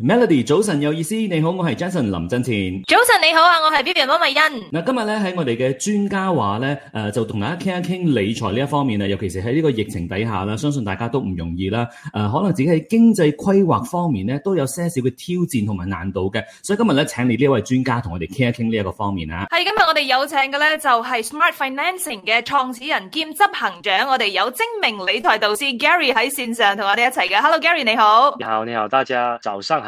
Melody，早晨有意思，你好，我係 Jason 林振前。早晨你好啊，我係 B B 汪米欣。嗱，今日咧，喺我哋嘅專家話咧，誒、呃、就同大家傾一傾理財呢一方面啊，尤其是喺呢個疫情底下啦，相信大家都唔容易啦。誒、呃，可能自己喺經濟規劃方面咧，都有些少嘅挑戰同埋難度嘅，所以今日咧，請你呢一位專家同我哋傾一傾呢一個方面啊。係今日我哋有請嘅咧，就係、是、Smart Financing 嘅創始人兼執行長，我哋有精明理財導師 Gary 喺線上同我哋一齊嘅。Hello Gary 你好。你好你好，大家早上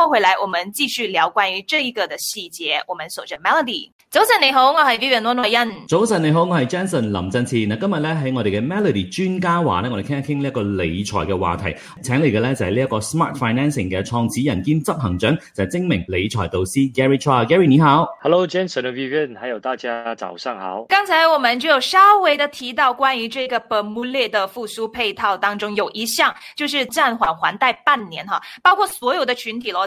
後回來，我們繼續聊關於這一個的細節。我們守着 Melody，早晨你好，我是 Vivian 諾諾欣。早晨你好，我是 Jenson 林振前。嗱，今日呢，喺我哋嘅 Melody 專家話呢，我哋傾一傾呢個理財嘅話題。請嚟嘅呢，就係呢一個 Smart Financing 嘅創始人兼執行長，就係、是、精明理財導師 Gary Chua。Gary 你好，Hello Jenson 同 Vivian，還有大家早上好。剛才我們就有稍微的提到關於這個本列、erm、的復甦配套當中有一項就是暫緩還貸半年哈，包括所有的群體咯。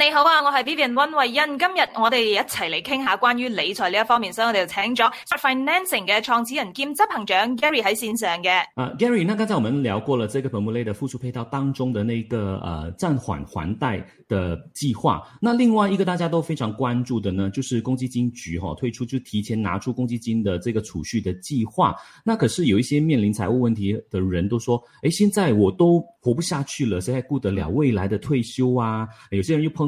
你好啊，我係 Vivian 溫慧欣，今日我哋一齊嚟傾下關於理財呢一方面，所以我哋就請咗 Financing 嘅創始人兼執行長 Gary 喺綫上嘅。啊、uh, Gary，那剛才我們聊過了這個 Pemulih 的附屬配套當中的那個呃暫緩還貸的計劃，那另外一個大家都非常關注的呢，就是公積金局嗬、哦、推出就提前拿出公積金的這個儲蓄的計劃。那可是有一些面臨財務問題的人都說，誒、欸，現在我都活不下去了，誰還顧得了未來的退休啊？有些人又碰。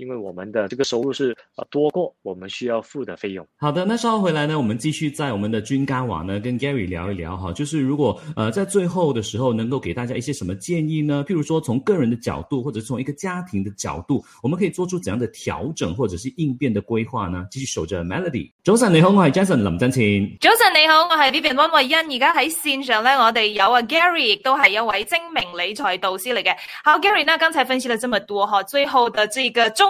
因為我們的這個收入是多過我們需要付的費用。好的，那稍後回來呢，我們繼續在我們的軍幹網呢跟 Gary 聊一聊哈，就是如果呃在最後的時候能夠給大家一些什麼建議呢？譬如說從個人的角度，或者是從一個家庭的角度，我們可以做出怎樣的調整，或者是應變的規劃呢？繼續守着 Melody。早晨你好，我是 Jason 林振前。早晨你好，我係李炳溫慧欣。而家喺線上呢，我哋有啊 Gary，亦都係一位精明理財導師嚟嘅。好，Gary，那剛才分析了這麼多哈，最後的這個中。